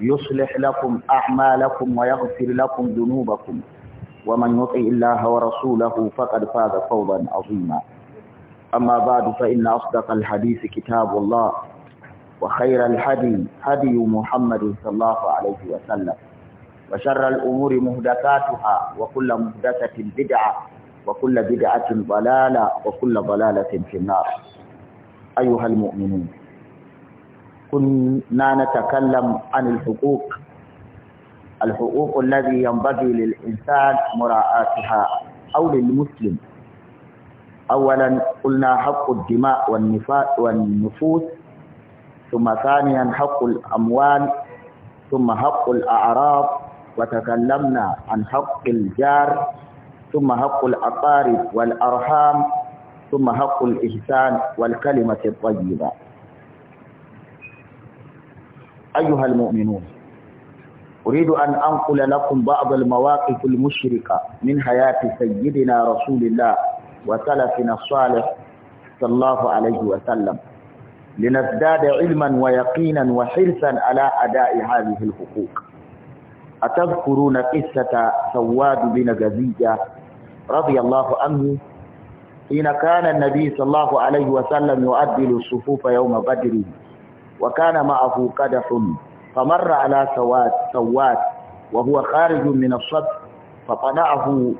يصلح لكم أعمالكم ويغفر لكم ذنوبكم ومن يطع الله ورسوله فقد فاز فوضا عظيما أما بعد فإن أصدق الحديث كتاب الله وخير الهدي هدي محمد صلى الله عليه وسلم وشر الأمور مهدكاتها وكل مهدكة بدعة وكل بدعة ضلالة وكل ضلالة في النار أيها المؤمنون كنا نتكلم عن الحقوق الحقوق الذي ينبغي للإنسان مراعاتها أو للمسلم أولا قلنا حق الدماء والنفوس ثم ثانيا حق الأموال ثم حق الأعراض وتكلمنا عن حق الجار ثم حق الأقارب والأرحام ثم حق الإحسان والكلمة الطيبة أيها المؤمنون أريد أن أنقل لكم بعض المواقف المشرقة من حياة سيدنا رسول الله وسلفنا الصالح صلى الله عليه وسلم لنزداد علما ويقينا وحرصا على أداء هذه الحقوق أتذكرون قصة سواد بن جزية رضي الله عنه حين كان النبي صلى الله عليه وسلم يؤدل الصفوف يوم بدر وكان معه قدح فمر على سوات سوات وهو خارج من الصف فطعنه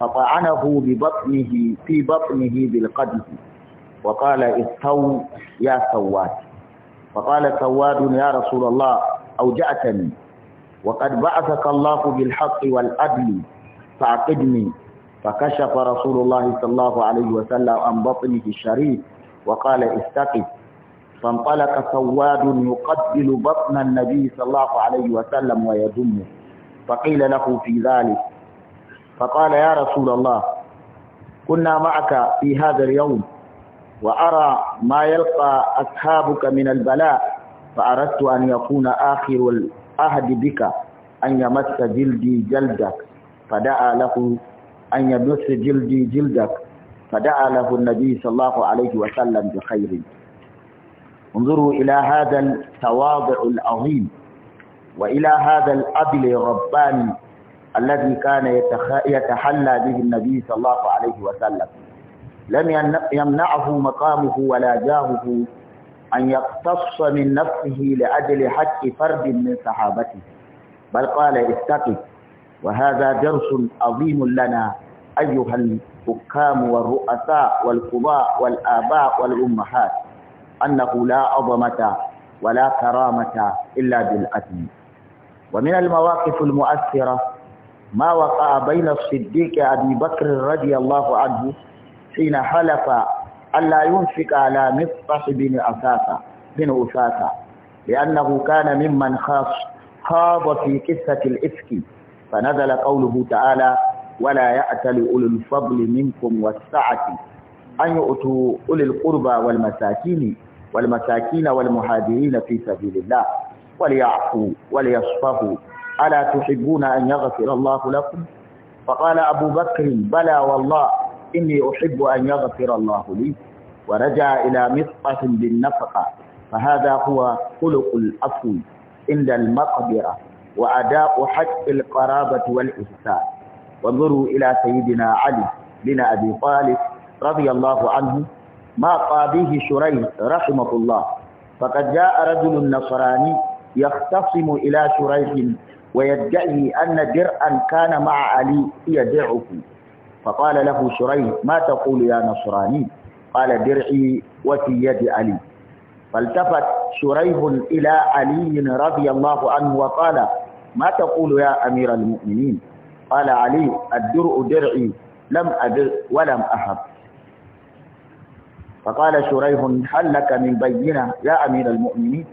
فطعنه ببطنه في بطنه بالقدح وقال استو يا سوات فقال سواد يا رسول الله أوجأتني وقد بعثك الله بالحق والعدل فعقدني فكشف رسول الله صلى الله عليه وسلم عن بطنه الشريف وقال استقف فانطلق سواد يقبل بطن النبي صلى الله عليه وسلم ويدمه فقيل له في ذلك فقال يا رسول الله كنا معك في هذا اليوم وأرى ما يلقى أصحابك من البلاء فأردت أن يكون آخر الأهد بك أن يمس جلدي جلدك فدعا له أن يمس جلدي جلدك فدعا له النبي صلى الله عليه وسلم بخير انظروا إلى هذا التواضع العظيم وإلى هذا الأبل الرباني الذي كان يتحلى به النبي صلى الله عليه وسلم لم يمنعه مقامه ولا جاهه أن يقتص من نفسه لأجل حق فرد من صحابته بل قال استقف وهذا درس عظيم لنا أيها الحكام والرؤساء والقضاء والآباء والأمهات أنه لا عظمة ولا كرامة إلا بالأدم ومن المواقف المؤثرة ما وقع بين الصديق أبي بكر رضي الله عنه حين حلف أن لا ينفق على مفتح بن أساسة بن أساسة لأنه كان ممن خاص خاض في قصة الإفك فنزل قوله تعالى ولا يأتل أولو الفضل منكم والسعة أن يؤتوا أولي القربى والمساكين والمساكين والمهاجرين في سبيل الله وليعفوا وليصفحوا ألا تحبون أن يغفر الله لكم فقال أبو بكر بلى والله إني أحب أن يغفر الله لي ورجع إلى مصقة بالنفقة فهذا هو خلق الأصل عند المقبرة وأداء حق القرابة والإحسان وانظروا إلى سيدنا علي بن أبي طالب رضي الله عنه ما قاضيه شريح رحمه الله فقد جاء رجل نصراني يختصم إلى شريح ويدعي أن درعا كان مع علي هي درعه فقال له شريح ما تقول يا نصراني قال درعي وفي يد علي فالتفت شريح إلى علي رضي الله عنه وقال ما تقول يا أمير المؤمنين قال علي الدرء درعي لم أدر ولم أحب فقال شريف هل لك من بينة يا أمير المؤمنين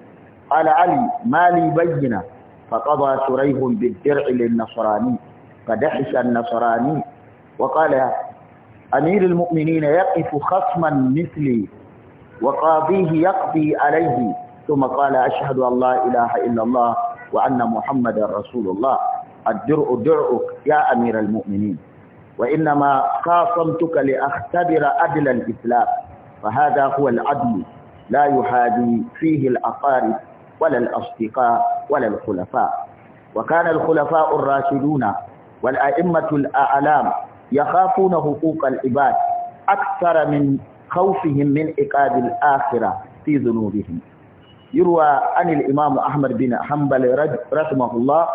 قال علي ما لي بينة فقضى شريف بالدرع للنصراني فدحش النصراني وقال أمير المؤمنين يقف خصما مثلي وقاضيه يقضي عليه ثم قال أشهد أن لا إله إلا الله وأن محمد رسول الله الدرء درعك يا أمير المؤمنين وإنما خاصمتك لأختبر أدل الإسلام فهذا هو العدل لا يحادي فيه الأقارب ولا الأصدقاء ولا الخلفاء وكان الخلفاء الراشدون والأئمة الأعلام يخافون حقوق العباد أكثر من خوفهم من إقاد الآخرة في ذنوبهم يروى عن الإمام أحمد بن حنبل رحمه الله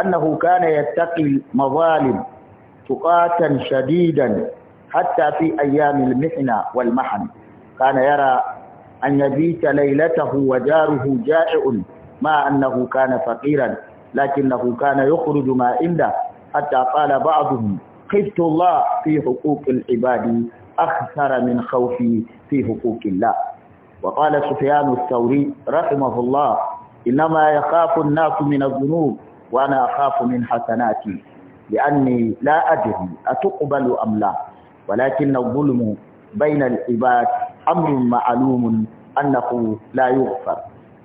أنه كان يتقي المظالم تقاتا شديدا حتى في أيام المحنة والمحن كان يرى أن يبيت ليلته وجاره جائع ما أنه كان فقيرا لكنه كان يخرج ما عنده حتى قال بعضهم خفت الله في حقوق العباد أكثر من خوفي في حقوق الله وقال سفيان الثوري رحمه الله إنما يخاف الناس من الذنوب وأنا أخاف من حسناتي لأني لا أدري أتقبل أم لا ولكن الظلم بين العباد أمر معلوم أنه لا يغفر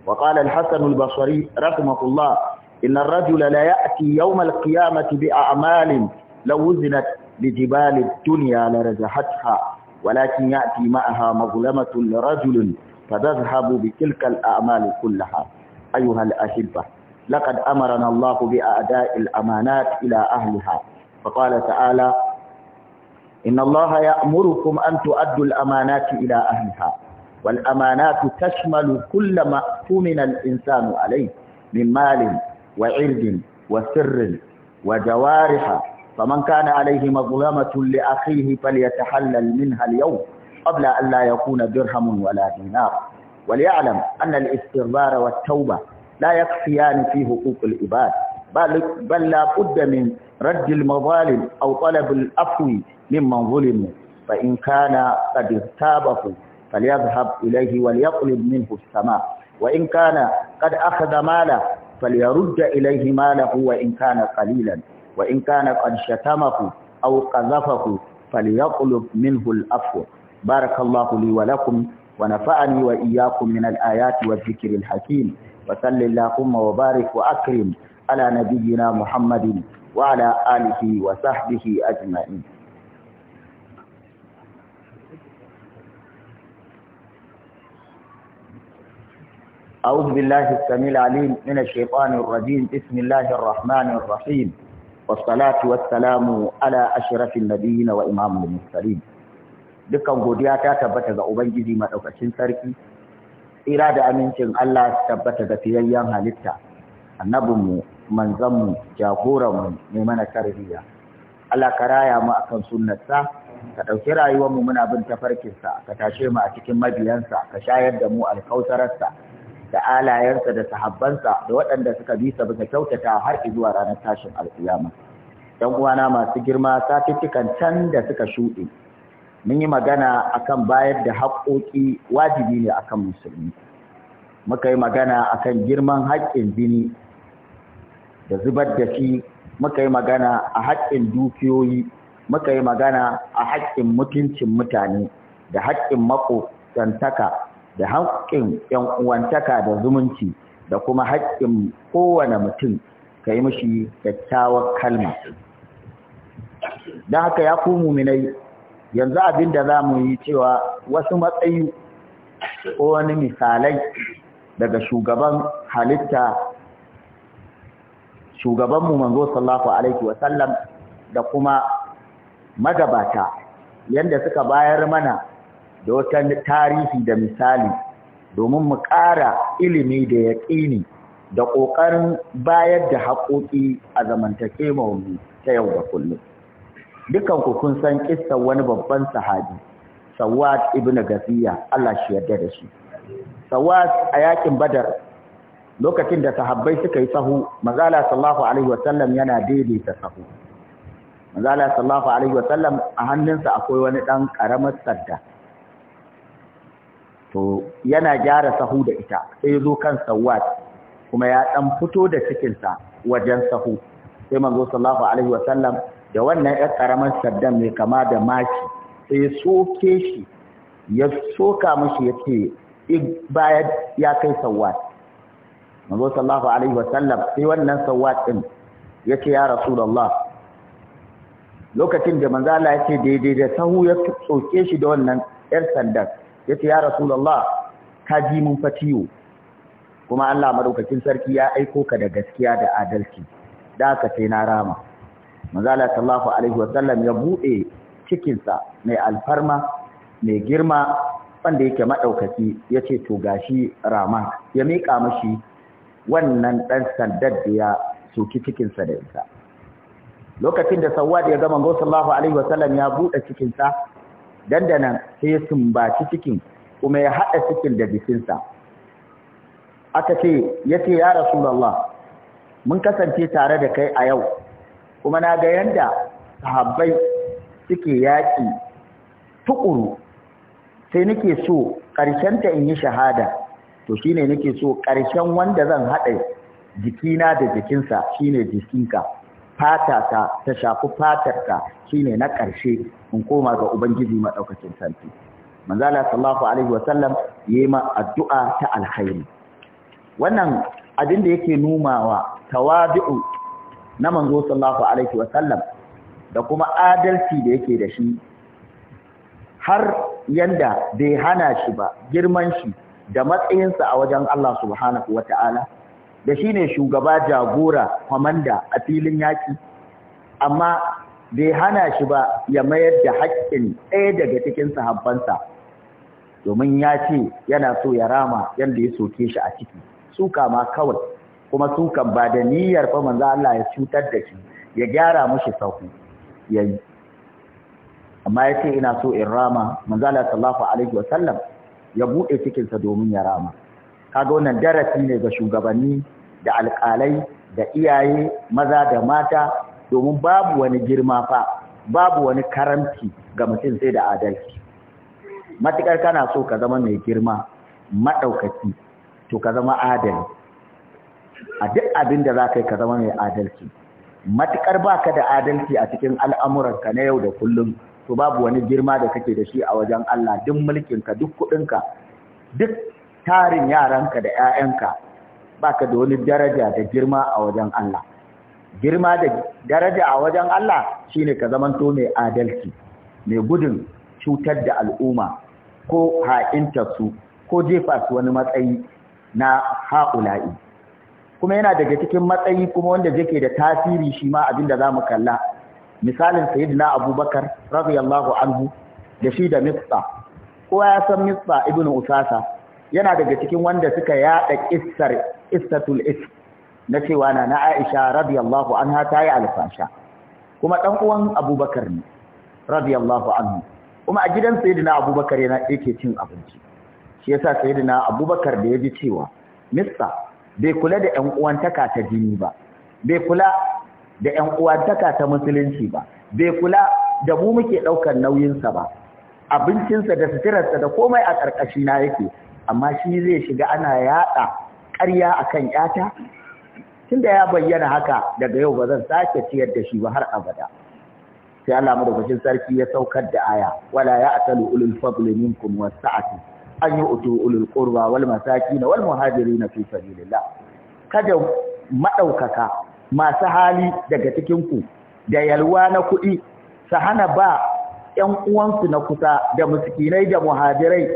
وقال الحسن البصري رحمه الله إن الرجل لا يأتي يوم القيامة بأعمال لو وزنت بجبال الدنيا لرجحتها ولكن يأتي معها مظلمة لرجل فتذهب بتلك الأعمال كلها أيها الأحبة لقد أمرنا الله بأداء الأمانات إلى أهلها فقال تعالى إن الله يأمركم أن تؤدوا الأمانات إلى أهلها والأمانات تشمل كل ما أؤمن الإنسان عليه من مال وعرض وسر وجوارح فمن كان عليه مظلمة لأخيه فليتحلل منها اليوم قبل أن لا يكون درهم ولا دينار وليعلم أن الاستغفار والتوبة لا يكفيان في حقوق العباد بل, بل لا بد من رد المظالم أو طلب العفو ممن ظلموا فإن كان قد اغتابه فليذهب إليه وليطلب منه السماء وإن كان قد أخذ ماله فليرد إليه ماله وإن كان قليلا وإن كان قد شتمه أو قذفه فليطلب منه العفو بارك الله لي ولكم ونفعني وإياكم من الآيات والذكر الحكيم وصل اللهم وبارك وأكرم على نبينا محمد وعلى آله وصحبه أجمعين أعوذ بالله السميع العليم من الشيطان الرجيم بسم الله الرحمن الرحيم والصلاة والسلام على أشرف النبيين وإمام المرسلين dukkan godiya ta tabbata ga Ubangiji maɗaukacin sarki, tsira da amincin Allah tabbata ga fiyayyen halitta, annabinmu manzanmu jagoranmu mai mana tarbiyya Allah ka raya mu akan sunnarsa ka ɗauki mu muna bin tafarkinsa ka tashe mu a cikin mabiyansa ka shayar da mu alkautararsa da alayensa da sahabbansa da waɗanda suka bi sa bisa kyautata har zuwa ranar tashin alƙiyama dan uwana masu girma satuttukan can da suka shuɗe mun yi magana akan bayar da haƙoƙi wajibi ne akan musulmi muka yi magana akan girman haƙƙin jini da zubar da shi muka yi magana a haƙƙin dukiyoyi muka yi magana a haƙƙin mutuncin mutane da haƙƙin makotantaka da haƙƙin uwantaka da zumunci da kuma haƙƙin kowane mutum ka yi mishi kyakkyawar kalma don haka ya ku muminai yanzu abin da za mu yi cewa wasu matsayi ko wani misalai daga shugaban halitta shugabanmu manzo sallallahu alaihi wasallam da kuma magabata yanda suka bayar mana da wata tarihi da misali domin mu ƙara ilimi da yaƙini da ƙoƙarin bayar da haƙoƙi a zamantake mu ta yau da kullum dukan ku kun san kissa wani babban sahabi Sawad ibn Gaziya Allah shi yarda da shi Sawad a yakin Badar lokacin da sahabbai suka yi sahu manzala sallallahu alaihi wasallam yana daidaita sahu manzala sallallahu alaihi wasallam a hannunsa akwai wani ɗan karamar sadda to yana gyara sahu da ita sai zo kan sawat kuma ya ɗan fito da cikinsa wajen sahu sai manzo sallallahu alaihi wasallam da wannan yar karamar saddan mai kama da maki sai ya soke shi ya soka mashi yace in baya ya kai sawat manzo sallallahu alaihi wasallam sai wannan sawat din yace ya rasulullah lokacin da manzo Allah yace daidai da sahu ya tsoke shi da wannan yar sanda yace ya rasulullah ka ji mun fatiyo kuma Allah madaukakin sarki ya aiko ka da gaskiya da adalci da ka sai na rama manzo Allah sallallahu alaihi wasallam ya bude cikinsa mai alfarma mai girma wanda yake madaukaki yace to gashi rama ya mika mashi wannan ɗan sandar da ya suki cikinsa da ita lokacin da sawad ya gama sallallahu alaihi wasallam ya buɗe cikinsa dandanan sai ya sumbaci cikin kuma ya haɗa cikin da bisinsa aka ce ya ce ya rasulallah mun kasance tare da kai a yau kuma na ga yanda sahabbai suke yaƙi tuƙuru sai nake so ƙarshenta in yi shahada to shine nake so ƙarshen wanda zan haɗa jikina da jikinsa shine jikinka fata ta ta shafi fatarka shine na ƙarshe in koma ga ubangiji madaukakin sarki manzala sallallahu alaihi wa sallam ma addu'a ta alkhairi wannan abin da yake numawa tawabi'u na manzo sallallahu alaihi wa sallam da kuma adalci da yake da shi har yanda bai hana shi ba girman shi da matsayinsa a wajen Allah subhanahu wa ta'ala, da shi ne shugaba jagora kwamanda a filin yaƙi, amma bai hana shi ba ya mayar da haƙƙin ɗaya daga cikin sahabbansa, domin ya ce yana so ya rama yadda ya soke shi a ciki, suka ma kawai, kuma sukan ba da niyyar ba manza Allah ya cutar da shi, ya gyara mushi sauku, ya yi. Amma ya ce ina so in rama, manza Allah sallallahu alaihi wasallam. ya buɗe cikinsa domin ya rama Ka ga wannan darasi ne ga shugabanni da alƙalai da iyaye maza da mata domin babu wani girma fa babu wani karamci ga mutum sai da adalci matukar kana so ka zama mai girma maɗaukaki to ka zama adali a duk abin da za ka yi ka zama mai adalci matukar ka da adalci a cikin al'amuranka na yau da kullum to babu wani girma da kake da shi a wajen Allah duk ka, duk ka, duk tarin yaranka da 'ya'yanka baka da wani daraja da girma a wajen Allah girma da daraja a wajen Allah shine ka zamanto mai adalci mai gudun cutar da al'umma ko ha'inta su, ko jefa su wani matsayi na ha'ula'i kuma yana daga cikin matsayi kuma wanda yake da tasiri shi ma abin da za mu kalla misalin sayyidina abubakar radiyallahu anhu da shi da mitsa kowa ya san mitsa ibnu usasa yana daga cikin wanda suka yada kissar issatul is na cewa na aisha radiyallahu anha ta yi alfasha kuma dan uwan abubakar ne radiyallahu anhu kuma a gidan sayyidina abubakar yana yake cin abinci shi yasa sayyidina abubakar da ya ji cewa mitsa bai kula da 'yan uwantaka ta jini ba bai kula da 'yan uwantaka ta musulunci ba bai kula da mu muke ɗaukar nauyinsa ba abincinsa da suturarsa da komai a ƙarƙashi na yake amma shi zai shiga ana yaɗa ƙarya akan ƴata tunda ya bayyana haka daga yau ba zan sake ciyar da shi ba har abada sai Allah madaukakin sarki ya saukar da aya wala ya ya'talu ulul fadli minkum wasa'ati an utu ulul qurba wal masakin wal muhajirin fi sabilillah kada madaukaka masu hali daga cikinku da yalwa na kuɗi su hana ba ‘yan uwansu na kusa da musikinai da muhajirai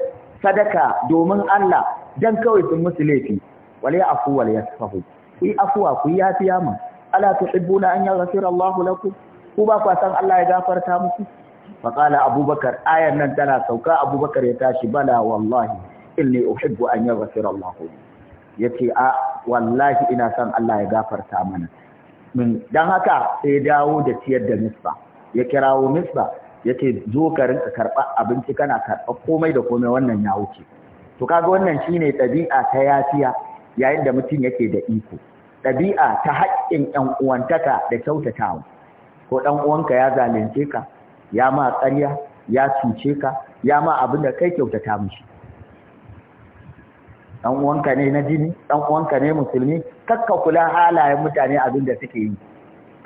sadaka domin Allah don kawai sun musu laifi wale afu wale ya safahu ku yi afuwa ku yi hafiya mu ala tuhibbuna an yaghfira Allah lakum ku ba ku san Allah ya gafarta muku faƙala abubakar ayan nan tana sauka abubakar ya tashi bala wallahi inni uhibbu an yaghfira Allah ce a wallahi ina son Allah ya gafarta mana don haka sai dawo da tiyar da misba ya kirawo misba yake zo ka rinka karɓa abinci kana karɓa komai da komai wannan ya wuce to kaga wannan shine ɗabi'a ta yafiya yayin da mutum yake da iko ɗabi'a ta haƙƙin ɗan uwantaka da kyautatawa ko ɗan uwanka ya zalunce ka ya ma ƙarya ya cuce ka ya ma abin da kai kyautata mishi Ɗan uwanka ne na jini ɗan uwanka ne musulmi kakka kula halayen mutane abin da suke yi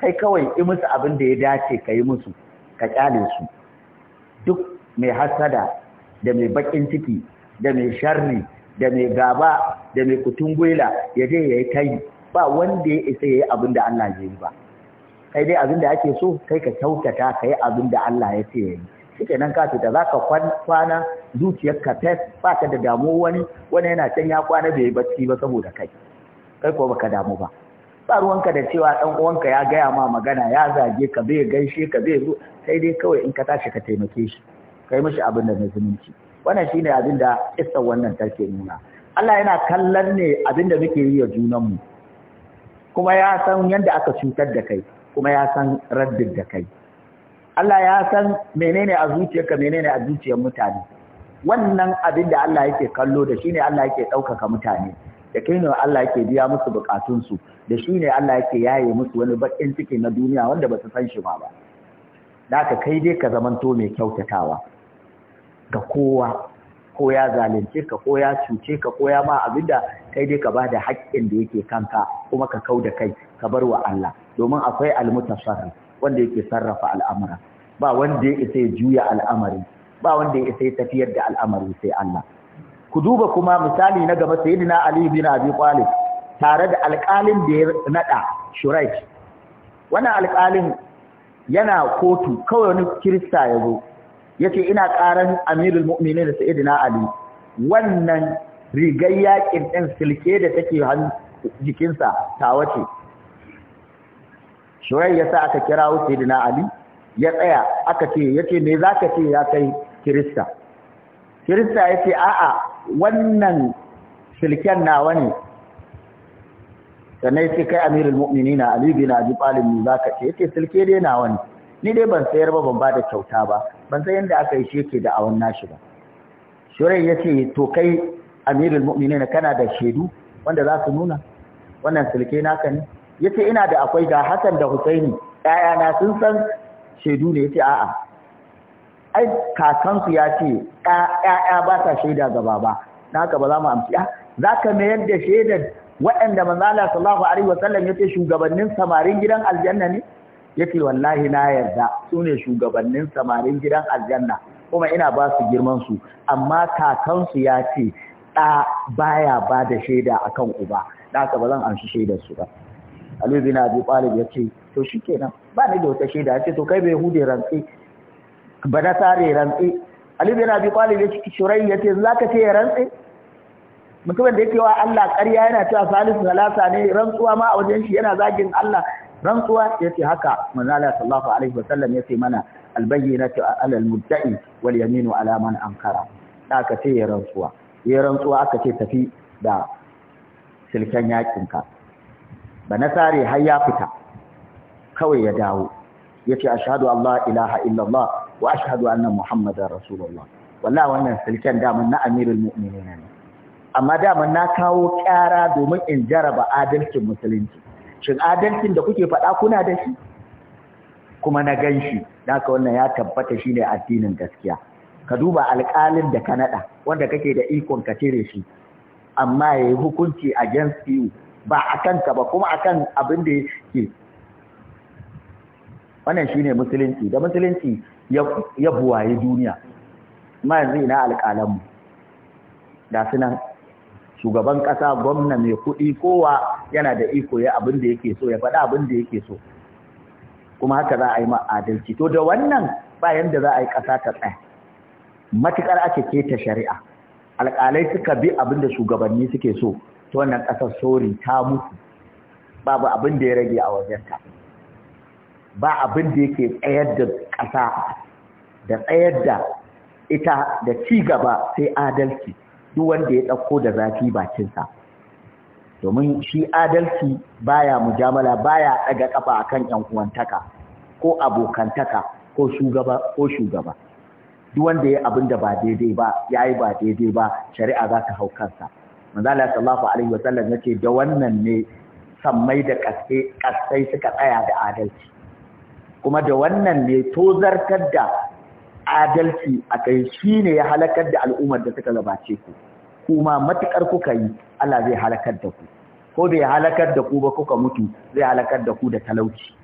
kai kawai yi musu abin da ya dace ka yi musu ka kyale su duk mai hasada da mai bakin ciki da mai sharri da mai gaba da mai kutungwela ya je ya yi kai ba wanda ya isa ya yi abin da Allah ya yi ba kai dai abin da ake so kai ka kyautata ka yi abin da Allah ya ce ya yi shike nan ka da za kwana zuciyar ka fes ba ka da damu wani wani yana can ya kwana bai bacci ba saboda kai kai ko baka damu ba ba ruwanka da cewa dan uwanka ya gaya ma magana ya zage ka bai gaishe ka bai zo sai dai kawai in ka tashi ka taimake shi kai mishi abin da na zumunci wannan shine abin da kissa wannan take nuna Allah yana kallon ne abin da muke yi wa junanmu kuma ya san yadda aka cutar da kai kuma ya san raddin da kai Allah ya san menene a zuciyarka menene a zuciyar mutane wannan abin da Allah yake kallo da shine Allah yake ɗaukaka mutane da kai Allah yake biya musu bukatunsu da shine Allah yake yaye musu wani bakin ciki na duniya wanda ba su san shi ba ba ka kai dai ka zamanto mai kyautatawa ga kowa ko ya zalunce ka ko ya cuce ka ko ya ma abin da kai dai ka ba da haƙƙin da yake kanka kuma ka kau da kai ka bar wa Allah domin akwai almutasarrif wanda yake sarrafa al'amura ba wanda ya isa ya juya al'amari ba wanda ya isa tafiyar da al'amari sai Allah ku duba kuma misali na gaba sayyidina Ali bin Abi Talib tare da alƙalin da ya nada Shuraij. wannan alƙalin yana kotu kawai wani kirista ya zo yace ina ƙaran Amirul Mu'minin sayyidina Ali wannan rigar yakin ɗin silke da take jikinsa ta wace shoyai ya sa aka kira wuce dina ali ya tsaya aka ce ya ce me za ka ce ya kai kirista kirista ya ce a'a wannan silken nawa ne sannan ya ce kai amirul na ali bin abi talib ne za ka ce ya ce silke dai na wani. ni dai ban sayar ba ban bada kyauta ba ban san yadda aka yi sheke da awon nashi ba shorai ya ce to kai amirul na, kana da shaidu wanda za su nuna wannan silke naka ne yace ina da akwai ga Hassan da Husaini na sun san shaidu ne yace a'a ai kakansu ya ce 'Ya'ya ba ta shaida ga baba na haka ba za mu za ka mayar da shaidar waɗanda manzala sallallahu alaihi wasallam yace shugabannin samarin gidan aljanna ne yace wallahi na yarda su ne shugabannin samarin gidan aljanna kuma ina ba su girman su amma kakansu ya ce ɗa baya ba da shaida akan uba da haka ba zan amshi shaidar su ba na bin Abi Talib yace to shikenan ba ni da wata shaida yace to kai bai hude rantsi ba na sare rantsi Ali bin Abi Talib yace Shurai yace zaka ce rantsi mutumin da yake wa Allah ƙarya yana cewa salisu salasa ne rantsuwa ma a wajen shi yana zagin Allah rantsuwa yace haka manzala sallallahu alaihi wasallam yace mana albayyinatu ala almudda'i wal yaminu ala man ankara aka ce ya rantsuwa ya rantsuwa aka ce tafi da silken yakin ka ba na sare har ya fita kawai ya dawo yace ashhadu allah ilaha illallah wa ashhadu anna muhammadar rasulullah wallahi wannan silken damar na amirul mu'minin ne amma damar na kawo kyara domin in jaraba adalcin musulunci shin adalcin da kuke faɗa kuna da shi kuma na gan shi ka wannan ya tabbata shine addinin gaskiya ka duba alƙalin da ka naɗa wanda kake da ikon ka cire shi amma ya yi hukunci against you ba a kanka ba kuma a kan abin da ke. wannan shi ne musulunci da musulunci ya buwaye duniya ma yanzu ina alƙalanmu da suna shugaban ƙasa gwamna mai kuɗi kowa yana da iko ya abin da yake so ya faɗa abin da yake so kuma haka za a yi ma'adalci to da wannan bayan da za a yi ƙasa ta tsaya matuƙar ake keta shari'a alƙalai suka bi abin da shugabanni suke so ta wannan ƙasar sori ta mutu babu abin da ya rage a wajenta ba abin da yake tsayar da ƙasa da tsayar da ita da ci gaba sai adalci duk wanda ya ɗauko da zafi bakinsa domin shi adalci baya mujamala baya ɗaga ƙafa akan yan uwantaka ko abokantaka ko shugaba ko shugaba duk wanda ya abin ba daidai ba yayi ba daidai ba shari'a za ta hau kansa manzo sallallahu alaihi ya ce da wannan ne sammai da kaskai suka tsaya da adalci kuma da wannan ne tozartar da adalci a kai shine ya halakar da al'ummar da suka gabace ku kuma matukar kuka yi Allah zai halakar da ku ko da bai halakar da ku ba kuka mutu zai halakar da ku da talauci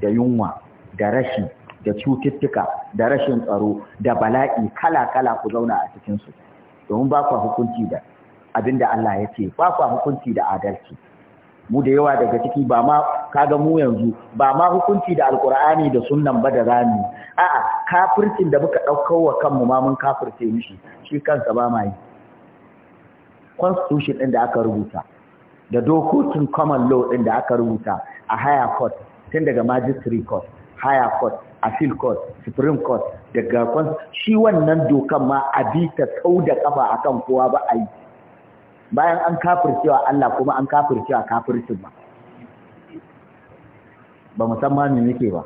da yunwa da rashi da cututtuka da rashin tsaro da bala'i kala-kala ku zauna a cikinsu domin ba ku hukunci da Abin da Allah ya ce ba kwa hukunci da adalci mu da yawa daga ciki ba ma kaga mu yanzu ba ma hukunci da alkur'ani da sunnan ba da rami a'a kafircin da muka dauko wa kanmu ma mun kafirce mishi shi kansa ba ma yi constitution ɗin da aka rubuta da dokokin common law din da aka rubuta a higher court tun daga magistrate court higher court appeal court supreme court daga shi wannan dokan ma a bi ta da kafa akan kowa ba a yi bayan an cewa Allah kuma an cewa kafircin ba ba musamman ne nake ba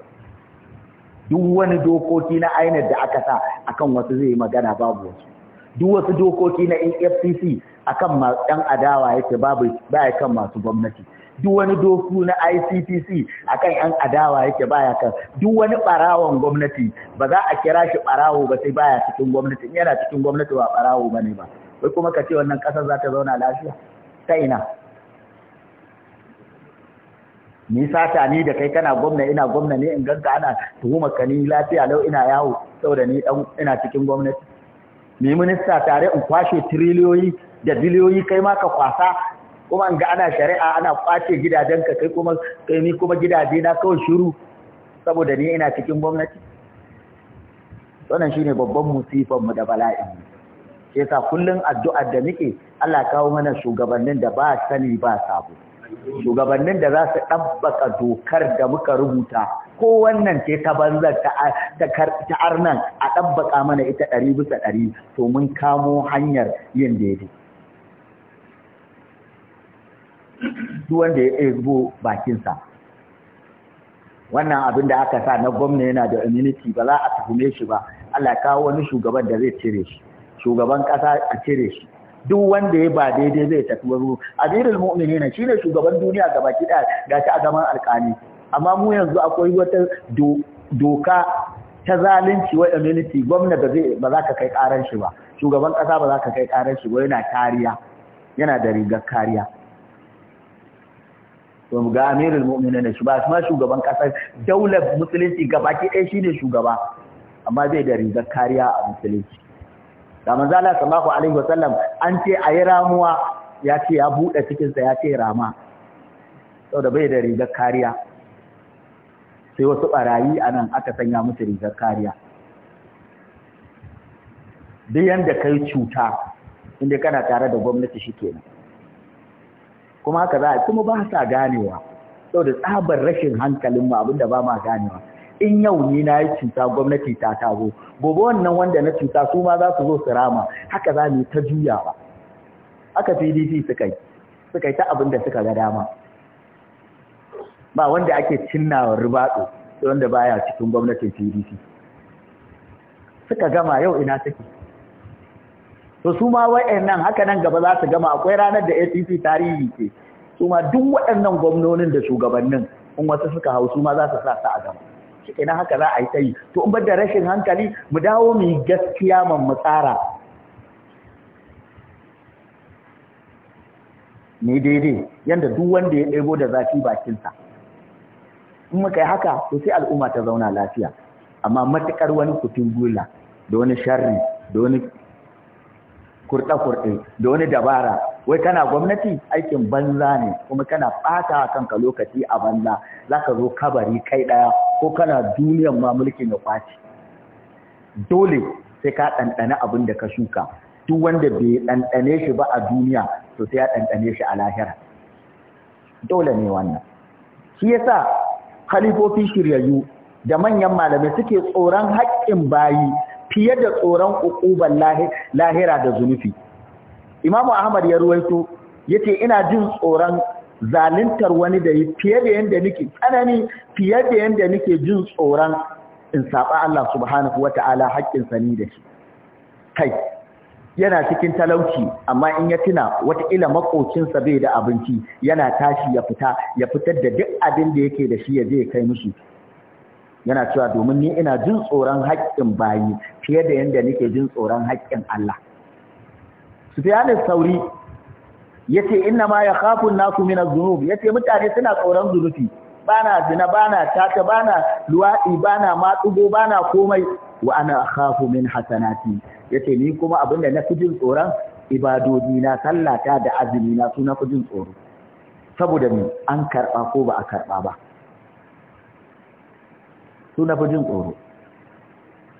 duk wani dokoki na ainihin da aka sa akan wasu zai yi magana babu wasu duk wasu dokoki na AFCC e akan ɗan adawa yake babu baya kan masu gwamnati duk wani doku na ICPC akan ɗan adawa yake baya kan duk wani ɓarawon gwamnati ba za a kira shi ɓarawo ba sai baya cikin gwamnati yana cikin gwamnati ba ɓarawo bane ba wai kuma ka ce wannan ƙasar za ta zauna lafiya ta ina ni sata ni da kai kana gwamna ina gwamna ne in ganka ana tuhumar ka ni lafiya lau ina yawo saboda ni dan ina cikin gwamnati ni minista tare in kwashe triliyoyi da biliyoyi kai ma ka kwasa kuma in ga ana shari'a ana kwace gidajen ka kai kuma kai ni kuma gidaje na kawai shiru saboda ni ina cikin gwamnati wannan shine babban musifan mu da bala'in mu shi yasa kullun addu'a da muke Allah kawo mana shugabannin da ba sani ba sabo shugabannin da za su ɗabbaka dokar da muka rubuta ko wannan ce ta banzar ta arnan a ɗabbaka mana ita ɗari bisa ɗari to mun kamo hanyar yin daidai duk wanda ya ɗebo bakinsa wannan abin da aka sa na gwamna yana da immunity ba za a tuhume shi ba Allah kawo wani shugaban da zai cire shi shugaban ƙasa a cire shi duk wanda ya ba daidai zai tafi wani amirul mu'minin ne shugaban duniya gaba kiɗa da ta azaman alƙani amma mu yanzu akwai wata doka ta zalunci wa immunity gwamna ba zai ba za ka kai karan shi ba shugaban ƙasa ba za ka kai karan shi ba yana kariya yana da rigar kariya to mu ga amirul mu'minin shi ba ma shugaban ƙasa daular musulunci gaba kiɗa shi ne shugaba amma zai da rigar kariya a musulunci da manzo Allah sallallahu alaihi wasallam an ce ayi ramuwa ya ce ya buɗe cikinsa ya ce rama da bai da rigar kariya sai wasu barayi anan aka sanya musu rigar kariya duk yanda kai cuta inda kana tare da gwamnati shikenan kuma haka za a kuma ba sa ganewa da tsabar rashin hankalin hankalinmu abinda ba ma ganewa in yau ni na yi cuta gwamnati ta tazo gobe wannan wanda na cuta su ma za su zo su rama haka za mu ta juyawa haka PDP suka yi suka yi ta abin da suka ga dama ba wanda ake cinnawa ribaɗo sai wanda baya cikin gwamnatin PDP suka gama yau ina suke to su ma wayannan haka nan gaba za su gama akwai ranar da APC tarihi ke su ma duk waɗannan gwamnonin da shugabannin in wasu suka hau su ma za su sa su a gaba shi haka za a yi tsayi to in da rashin hankali mu dawo mu gaskiya man mu tsara ne daidai yanda duk wanda ya ɗebo da zafi bakinsa in muka yi haka to sai al'umma ta zauna lafiya amma matuƙar wani kutun gula da wani sharri da wani kurɗe-kurɗe da wani dabara wai kana gwamnati aikin banza ne kuma kana ɓata kanka lokaci a banza za ka zo kabari kai ɗaya ko kana duniyan ma mulkin ya kwaci dole sai ka ɗanɗana abin da ka shuka duk wanda bai ɗanɗane shi ba a duniya to sai ya ɗanɗane shi a lahira dole ne wannan shi yasa khalifofi shiryayyu da manyan malamai suke tsoron haƙƙin bayi fiye da tsoron uquban lahira da zunufi imamu ahmad ya ruwaito yace ina jin tsoron zaluntar wani da yi fiye da yadda nake tsanani fiye da yadda nake jin tsoron in saba Allah subhanahu wa ta'ala sani da shi kai yana cikin talauci amma in ya tuna wata ila maƙocinsa bai da abinci yana tashi ya fita ya fitar da duk abin da yake da shi ya je kai musu. yana cewa domin ni ina jin tsoron haƙƙin bayi fiye da yadda nake jin tsoron haƙƙin Allah Sufyan sauri yace inna ma ya an-nasu min az-zunub yace mutane suna tsoron zunubi bana zina bana tata bana luwadi bana matsugo bana komai wa ana khafu min hasanati yace ni kuma abinda na fijin tsoron ibadodi na sallata da azumi na su na fijin tsoro saboda ni an karba ko ba a karba ba su na fijin tsoro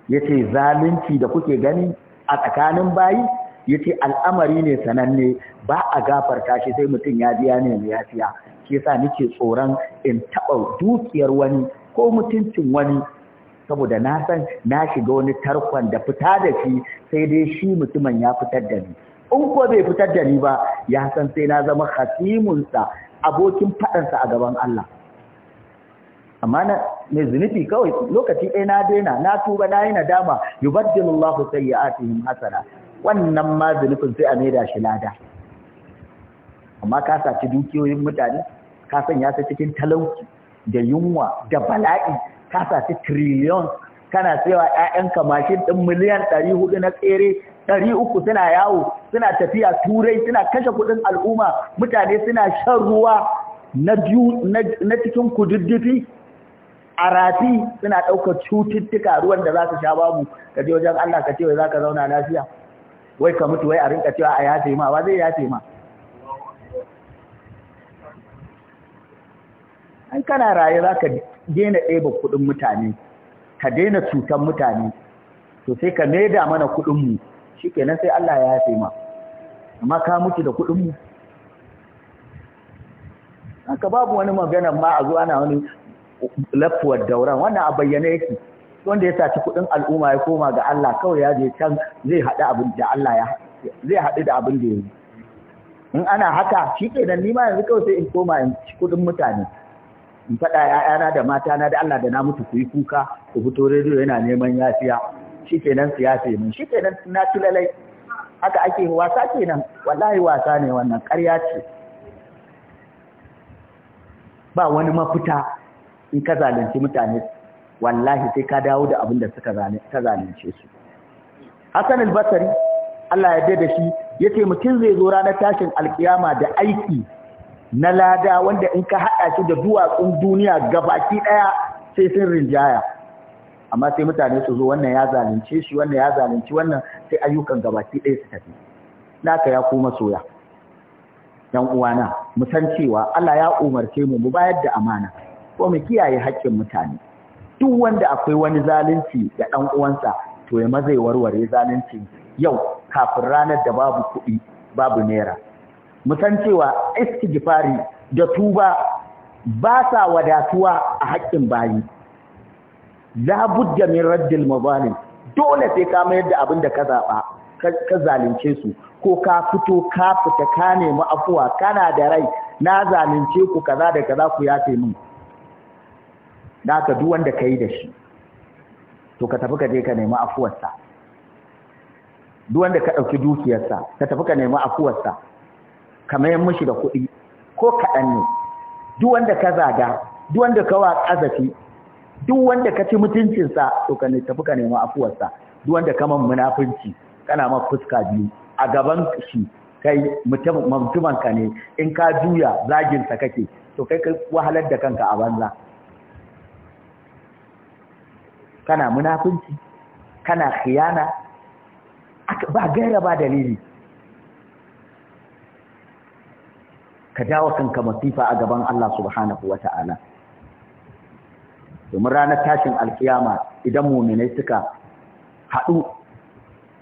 yace zalunci da kuke gani a tsakanin bayi ya ce al'amari ne sananne ba a gafarta shi sai mutum ya biya ne mai yafiya shi yasa nake tsoron in taɓa dukiyar wani ko mutuncin wani saboda na san na shiga wani tarkon da fita da shi sai dai shi mutumin ya fitar da ni in ko bai fitar da ni ba ya san sai na zama hasimunsa abokin faɗansa a gaban Allah amma na mai zunubi kawai lokaci ɗaya na daina na tuba na yi nadama yubaddilullahu sayyi'atihim hasana wannan ma zunufin sai a maida shi lada amma ka saci dukiyoyin mutane ka sanya su cikin talauci da yunwa da bala'i ka saci trillion kana cewa ƴaƴanka mashin ɗin miliyan ɗari hudu na tsere ɗari uku suna yawo suna tafiya turai suna kashe kuɗin al'umma mutane suna shan ruwa na cikin kududdufi a rafi suna ɗaukar cututtuka ruwan da za su sha babu ka je wajen Allah ka ce wai za ka zauna lafiya wai ka mutu wai a rinka cewa a yafe ma ba zai yafe ma an kana raye za ka daina ɗeba kuɗin mutane ka daina cutan mutane to sai ka maida mana kuɗinmu shi kenan sai Allah ya yafe ma amma ka mutu da kuɗinmu haka babu wani maganar ma a zuwa na wani lafuwar dauran wannan a bayyana yake wanda ya saci kuɗin al'umma ya koma ga Allah kawai ya je can zai haɗu abin da Allah ya zai haɗu da abin da ya yi in ana haka shi ni ma yanzu kawai sai in koma in ci kuɗin mutane in faɗa ‘ya'yana da matana da Allah da na mutu ku yi kuka ku fito rediyo yana neman yafiya shi kenan siyasa min shi na ci lalai haka ake wasa kenan wallahi wasa ne wannan ƙarya ce ba wani mafita in ka zalunci mutane wallahi sai ka dawo da abin da suka zalunce su Hassan al-Basri Allah ya da shi yace mutum zai zo ranar tashin alkiyama da aiki na lada wanda in ka hada shi da duwatsun duniya gabaki daya sai sun rinjaya amma sai mutane su zo wannan ya zalunce shi wannan ya zalunci wannan sai ayyukan gabaki daya su tafi naka ya kuma soya yan uwana mu san cewa Allah ya umarce mu mu bayar da amana ko mu kiyaye haƙƙin mutane duk wanda akwai wani zalunci ga ɗan uwansa to ya mazai warware zalunci yau kafin ranar da babu kuɗi babu naira mu san cewa istighfari da tuba ba sa wadatuwa a haƙƙin bayi labudda min raddil mazalim dole sai ka mayar da abin da ka zaɓa ka zalunce su ko ka fito ka fita ka nemi afuwa kana da rai na zalunce ku kaza da kaza ku yafe min daga duk wanda ka yi da shi to ka tafi ka je ka nemi afuwarsa duk wanda ka ɗauki dukiyarsa ka tafi ka nemi afuwarsa ka mayan mishi da kuɗi ko kaɗan ne duk wanda ka zaga duk wanda ka wa ƙazafi duk wanda ka ci mutuncinsa to ka tafi ka nemi afuwarsa duk wanda ka man munafunci kana ma fuska biyu a gaban shi kai mutumin ka ne in ka juya zaginsa kake to kai ka wahalar da kanka a banza kana munafunci kana khiyana ba gaira ba dalili ka dawo kanka masifa a gaban Allah subhanahu wa domin ranar tashin alkiyama idan muminai suka haɗu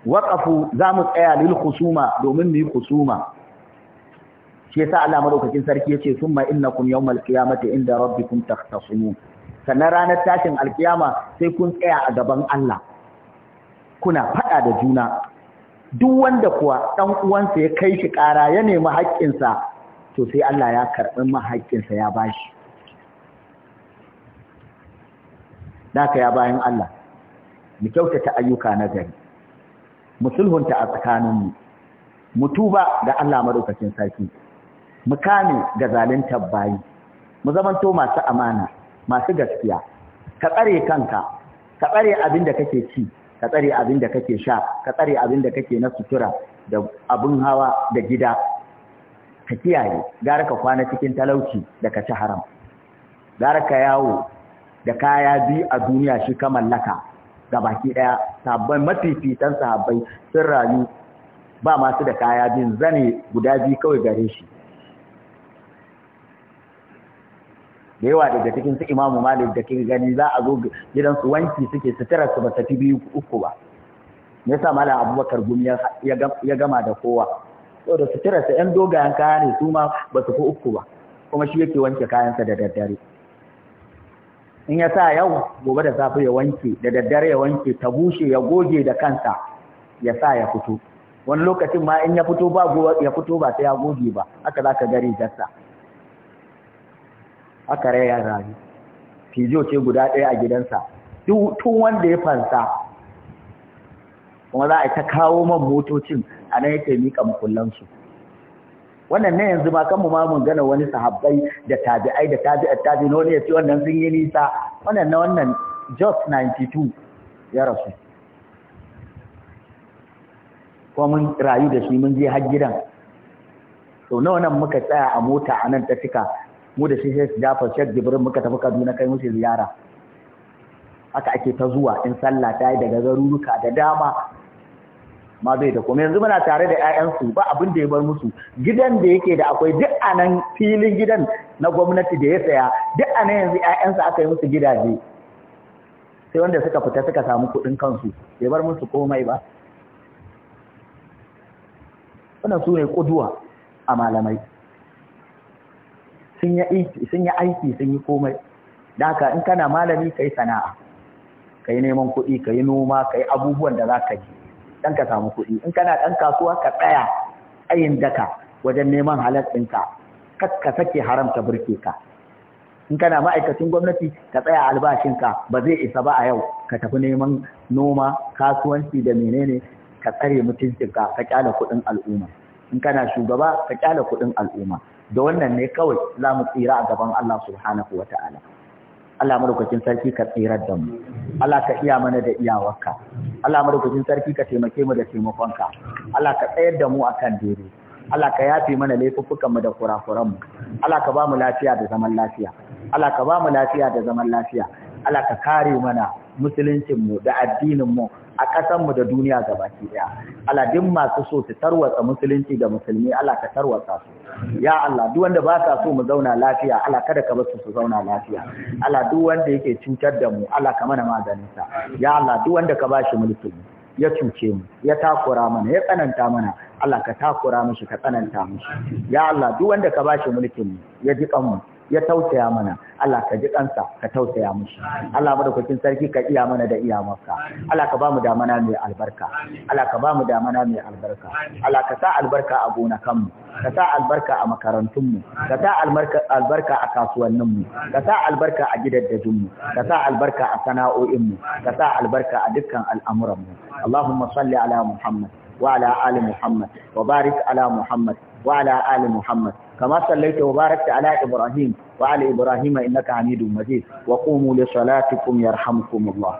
waƙafu za mu tsaya lil husuma domin mu yi husuma shi yasa Allah madaukakin sarki yace summa innakum yawmal qiyamati inda rabbikum takhtasimun sannan ranar tashin alkiyama sai kun tsaya a gaban Allah kuna faɗa da juna duk wanda kuwa ɗan uwansa ya kai shi ƙara ya nemi haƙƙinsa to sai Allah ya karɓi ma haƙƙinsa ya bashi daka ya bayan Allah mu kyautata ayyuka na gari mu sulhunta a tsakaninmu mu tuba ga Allah madaukakin sarki mu kame ga zaluntar bayi mu zamanto masu amana masu gaskiya ka tsare kanka ka tsare abin da kake ci ka tsare abin da kake sha ka tsare abin da kake na sutura da abin hawa da gida ka kiyaye gara ka kwana cikin talauci da ka ci haram gara ka yawo da kaya biyu a duniya shi ka mallaka ga baki ɗaya sabbai mafifitan sahabbai sun rayu ba masu da kaya biyun zane guda biyu kawai gare shi da yawa daga cikin su imamu malik da kike gani za a zo gidan su wanki suke sutura su ba ta fi biyu uku ba me yasa malam abubakar gumi ya gama da kowa da sutura sa yan dogayen kaya ne su ma ba su fi uku ba kuma shi yake wanke kayansa da daddare in ya sa yau gobe da safe ya wanke da daddare ya wanke ta bushe ya goge da kansa ya sa ya fito wani lokacin ma in ya fito ba ya fito ba sai ya goge ba haka za ka gari jarsa aka raya rani fijo ce guda ɗaya a gidansa tun wanda ya fansa kuma za a ta kawo man motocin a nan yake miƙa makullansu wannan ne yanzu ma kan mu ma mun gana wani sahabbai da tabi'ai da tabi'at tabi ne ya ce wannan sun yi nisa wannan na wannan just 92 ya rasu kuma mun rayu da shi mun je har gidan sau nawa nan muka tsaya a mota a nan ta cika mu da shi dafa Jafar shek jibirin muka tafi Kaduna kai musu ziyara haka ake ta zuwa in sallah ta yi daga garuruka da dama ma bai da kuma yanzu muna tare da 'ya'yansu ba abin da ya bar musu gidan da yake da akwai duk anan filin gidan na gwamnati da ya saya duk anan yanzu 'ya'yansa aka yi musu gidaje sai wanda suka fita suka samu kuɗin kansu bai bar musu komai ba wannan su ne ƙuduwa a malamai sun yi aiki sun yi komai da in kana malami kai sana'a kai neman kuɗi kai noma kai abubuwan da zaka ji dan ka samu kuɗi in kana ɗan kasuwa ka tsaya ayin daka wajen neman halal ɗinka kar ka sake haramta burke ka in kana ma'aikacin gwamnati ka tsaya albashinka ba zai isa ba a yau ka tafi neman noma kasuwanci da menene ka tsare mutuncinka ka kyala kuɗin al'umma in kana shugaba ka kyala kuɗin al'umma da wannan ne kawai za mu tsira a gaban Allah subhanahu wa ta'ala Allah madaukakin sarki ka tsirar da mu Allah ka iya mana da iyawarka Allah madaukakin sarki ka taimake mu da taimakonka Allah ka tsayar da mu a kan daidai Allah ka yafe mana laifuffukan mu da kurakuran mu Allah ka ba mu lafiya da zaman lafiya Allah ka ba mu lafiya da zaman lafiya Allah ka kare mana musuluncinmu da addinin mu a mu da duniya gabaki ɗaya. Al'adun masu so su tarwatsa musulunci da musulmi Allah ka tarwatsa su. Ya Allah duk wanda ba ka so mu zauna lafiya Allah kada ka bar su su zauna lafiya. Allah duk wanda yake cutar da mu Allah ka mana maganin sa. Ya Allah duk wanda ka bashi mulki ya cuce mu ya takura mana ya tsananta mana Allah ka takura mishi ka tsananta mishi. Ya Allah duk wanda ka bashi mulkin mu ya ji kanmu ya tausaya mana Allah ka ji kansa ka tausaya mishi Allah madaukakin sarki ka iya mana da maka. Allah ka bamu damana mai albarka Allah ka bamu damana mai albarka Allah ka sa albarka a gonakanmu ka sa albarka a makarantunmu ka sa albarka a kasuwanninmu ka sa albarka a gidaddajinmu ka sa albarka a sana'o'inmu ka sa albarka a dukkan al'amuranmu Allahumma salli ala Muhammad wa ala ali Muhammad wa barik ala Muhammad wa ala ali Muhammad كما صليت وباركت على إبراهيم وعلى إبراهيم إنك حميد مجيد وقوموا لصلاتكم يرحمكم الله